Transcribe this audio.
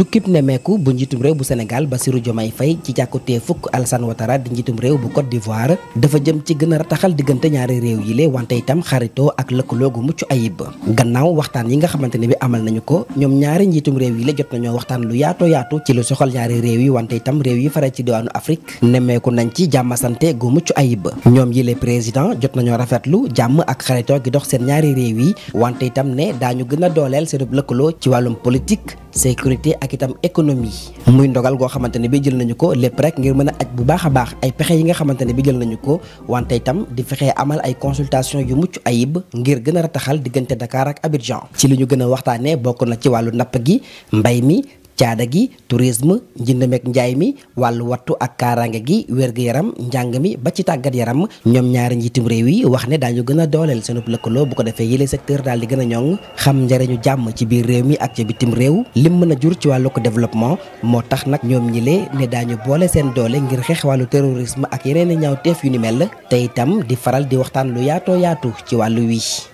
tukkib nemmeeku bu njiitum réew bu senegal ba Sénégal Bassirou Diomaye Faye ci jàkkutee fukk Alassane Ouattara di njiitum réew bu Côte d'Ivoire dafa jëm ci gën a rataxal diggante ñaari réew yi le wante itam xaritoo ak lëkkaloo gu mucc ayib gannaaw waxtaan yi nga xamante ne bi amal nañu ko ñoom ñaari njiitum réew yi le jot nañoo waxtaan lu yaatoo yaatu ci lu soxal ñaari réew yi wante itam réew yi fare ci diwaanu Afrique nemeeku nañ ci jàmmasante gu mucc ayib ñoom yi président jot nañoo rafetlu jàmm ak xaritoo gi dox seen ñaari réew yi wante itam ne daañu gën a dooleel seen lëkkaloo ci wàllum politique sécurité ak itam économie muy ndogal goo xamante ne bi jël nañu ko lépp rek ngir mën a aj bu baax a baax ay pexe yi nga xamante ne bi jël nañu ko wante itam di fexe amal ay consultation yu mucc ayib ngir gën a rataxal diggante Dakar ak Abidjan ci li ñu gën a waxtaanee bokk na ci wàllu napp gi mbay mi caada gi tourisme njënd meeg njaay mi wàllu wattu ak kaaraange gi wér-gu-yaram njàng mi ba ci tàggat yaram ñoom ñaari njiitum réew yi wax ne daañu gën a dooleel seenub lëkkaloo bu ko defee yële secteur daal di gën a ñoŋ xam njariñu jàmm ci biir réew mi ak ci bitim réew lim mën a jur ci wàllu ko développement moo tax nag ñoom ñile ne daañu boole seen doole ngir xeex wàllu terrorisme ak yeneen i ñaaw teef yu ni mel te itam di faral di waxtaan lu yaatoo yaatu ci wàllu wi